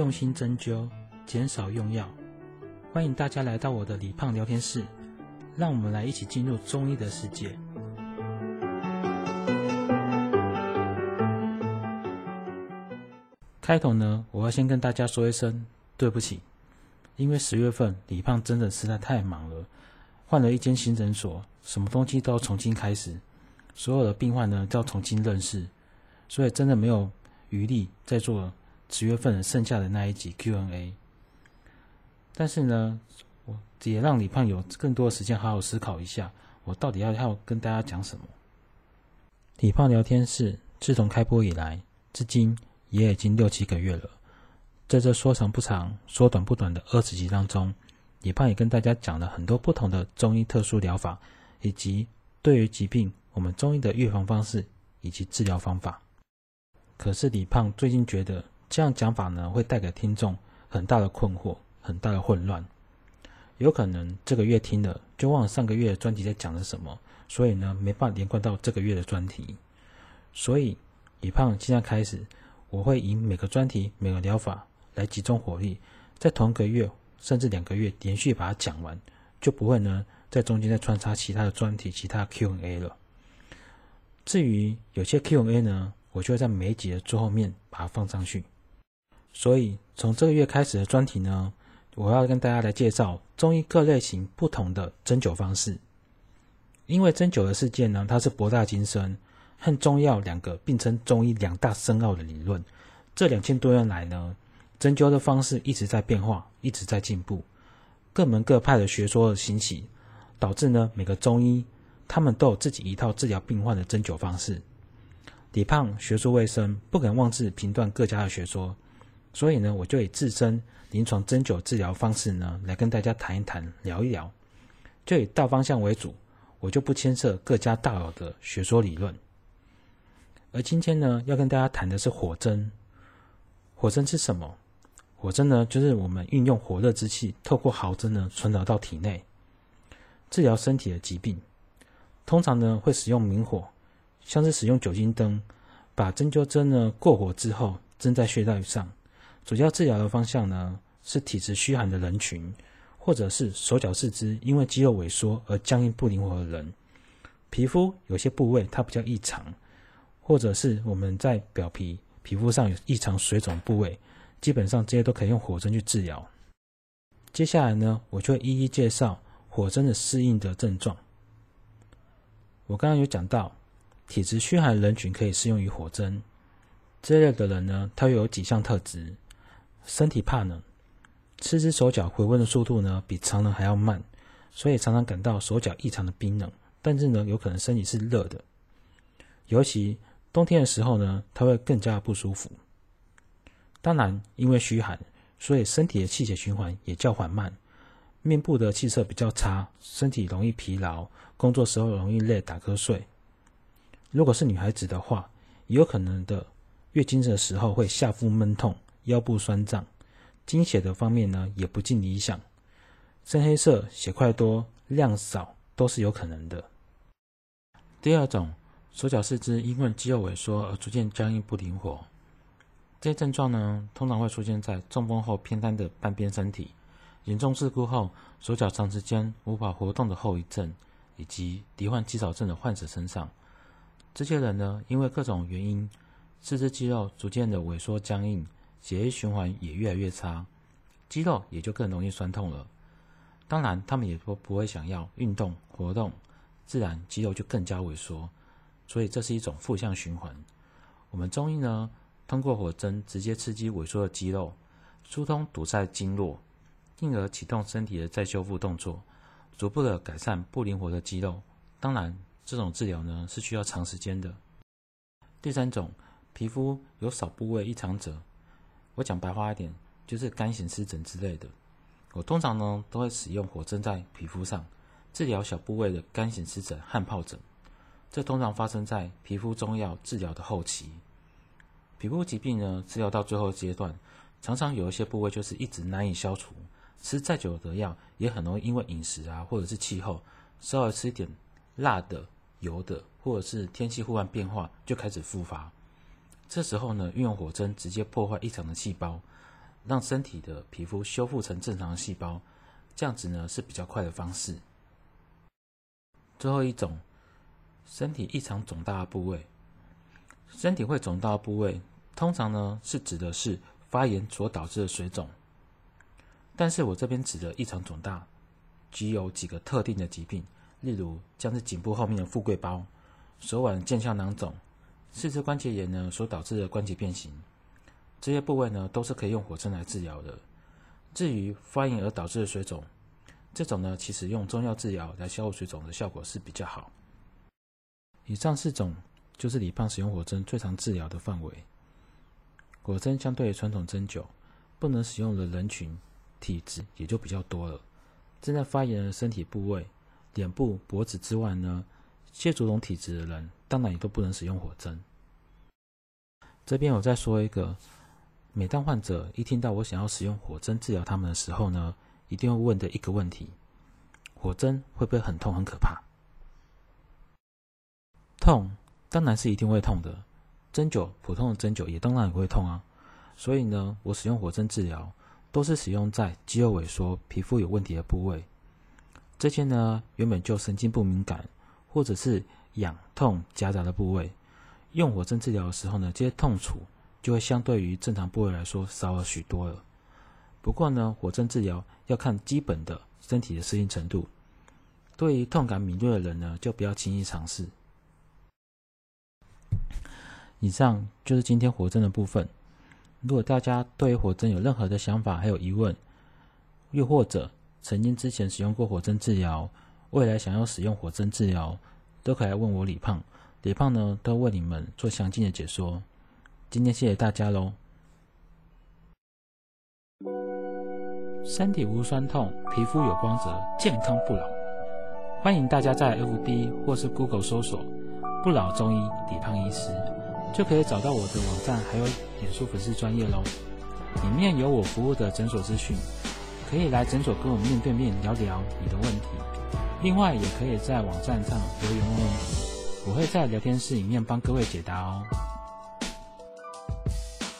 用心針灸，減少用藥。歡迎大家來到我的李胖聊天室，讓我們來一起進入中醫的世界。開頭呢，我要先跟大家說一聲對不起，因為十月份李胖真的實在太忙了，換了一間新診所，什麼東西都要重新開始，所有的病患，呢都要重新認識，所以真的沒有餘力再做了十月份剩下的那一集 Q&A，但是呢，我也讓李胖有更多的時間好好思考一下，我到底要要跟大家講什麼。李胖聊天室自從開播以來，至今也已經六七個月了，在這說長不長、說短不短的二十集當中，李胖也跟大家講了很多不同的中醫特殊療法，以及對於疾病我們中醫的預防方式以及治療方法。可是李胖最近覺得，這樣講法呢，會帶給聽眾很大的困惑，很大的混亂。有可能這個月聽了就忘了上個月的專題在講的什麼，所以呢，沒辦法連貫到這個月的專題。所以，李胖現在開始，我會以每個專題、每個療法來集中火力，在同一個月甚至兩個月連續把它講完，就不會呢在中間再穿插其他的專題、其他 Q&A 了。至於有些 Q&A 呢，我就會在每一集的最後面把它放上去。所以，從這個月開始的專題呢，我要跟大家來介紹中醫各類型不同的針灸方式。因為針灸的世界呢，它是博大精深，和中藥兩個併稱中醫兩大深奧的理論。這兩千多年來呢，針灸的方式一直在變化，一直在進步。各門各派的學說的興起，導致呢每個中醫他們都有自己一套治療病患的針灸方式。李胖學術未深，不敢妄自評斷各家的學說。所以呢，我就以自身臨床針灸治療方式呢，來跟大家談一談、聊一聊，就以大方向為主，我就不牽涉各家大佬的學說理論。而今天呢，要跟大家談的是火針。火針是什麼？火針呢，就是我們運用火熱之氣，透過毫針呢，傳導到體內，治療身體的疾病。通常呢，會使用明火，像是使用酒精燈，把針灸針呢，過火之後，針在穴道上。主要治療的方向呢，是體質虛寒的人群，或者是手腳四肢因為肌肉萎縮而僵硬不靈活的人，皮膚有些部位它比較異常，或者是我們在表皮皮膚上有異常水腫部位，基本上這些都可以用火針去治療。接下來呢，我就一一介紹火針的適應的症狀。我剛剛有講到，體質虛寒的人群可以適用於火針，這類的人呢，它又有幾項特質。身體怕冷，四肢手腳回溫的速度呢，比常人還要慢，所以常常感到手腳異常的冰冷。但是呢，有可能身體是熱的，尤其冬天的時候呢，它會更加不舒服。當然，因為虛寒，所以身體的氣血循環也較緩慢，面部的氣色比較差，身體容易疲勞，工作時候容易累、打瞌睡。如果是女孩子的話，也有可能的，月經的時候會下腹悶痛。腰部痠脹，經血的方面呢，也不盡理想，深黑色、血塊多、量少都是有可能的。第二種，手腳四肢因為肌肉萎縮而逐漸僵硬不靈活，這些症狀呢通常會出現在中風後偏癱的半邊身體，嚴重事故後手腳長時間無法活動的後遺症，以及罹患肌少症的患者身上。這些人呢，因為各種原因，四肢肌肉逐漸的萎縮僵硬。血液循環也越來越差，肌肉也就更容易酸痛了。當然，他們也不不會想要運動活動，自然肌肉就更加萎縮。所以這是一種負向循環。我們中醫呢，通過火針直接刺激萎縮的肌肉，疏通堵塞經絡，進而啟動身體的再修復動作，逐步的改善不靈活的肌肉。當然，這種治療呢是需要長時間的。第三種，皮膚有少部位異常者。我講白話一點，就是乾癬、濕疹之類的。我通常呢都會使用火針在皮膚上治療小部位的乾癬、濕疹、汗皰疹。這通常發生在皮膚中藥治療的後期。皮膚疾病呢治療到最後階段，常常有一些部位就是一直難以消除。吃再久的藥，也很容易因為飲食啊，或者是氣候，稍微吃一點辣的、油的，或者是天氣忽然變化，就開始復發。這時候呢，運用火針直接破壞異常的細胞，讓身體的皮膚修復成正常的細胞，這樣子呢是比較快的方式。最後一種，身體異常腫大的部位，身體會腫大的部位，通常呢是指的是發炎所導致的水腫。但是我這邊指的異常腫大，即有幾個特定的疾病，例如像是頸部後面的富貴包，手腕腱鞘囊腫，四肢關節炎呢，所導致的關節變形，這些部位呢，都是可以用火針來治療的。至於發炎而導致的水腫，這種呢，其實用中藥治療來消水腫的效果是比較好。以上四種就是李胖使用火針最常治療的範圍。火針相對於傳統針灸，不能使用的人群體質也就比較多了。正在發炎的身體部位、臉部、脖子之外呢，謝竹龍體質的人，當然也都不能使用火針。這邊我再說一個，每當患者一聽到我想要使用火針治療他們的時候呢，一定會問的一個問題：火針會不會很痛、很可怕？痛當然是一定會痛的，針灸普通的針灸也當然也會痛啊。所以呢，我使用火針治療，都是使用在肌肉萎縮、皮膚有問題的部位。這些呢，原本就神經不敏感，或者是……癢痛夾雜的部位，用火針治療的時候呢，這些痛楚就會相對於正常部位來說少了許多了。不過呢，火針治療要看基本的身體的適應程度，對於痛感敏銳的人呢，就不要輕易嘗試。以上就是今天火針的部分。如果大家對於火針有任何的想法，還有疑問，又或者曾經之前使用過火針治療，未來想要使用火針治療，都可以來問我李胖，李胖呢，都為你們做詳盡的解說。今天謝謝大家嘍！身體無痠痛，皮膚有光澤，健康不老。歡迎大家在 FB 或是 Google 搜索“不老中醫李胖醫師”，就可以找到我的網站，還有臉書粉絲專頁咯。裡面有我服務的診所資訊，可以來診所跟我面對面聊聊你的問題。另外，也可以在網站上留言問題，我會在聊天室裡面幫各位解答哦。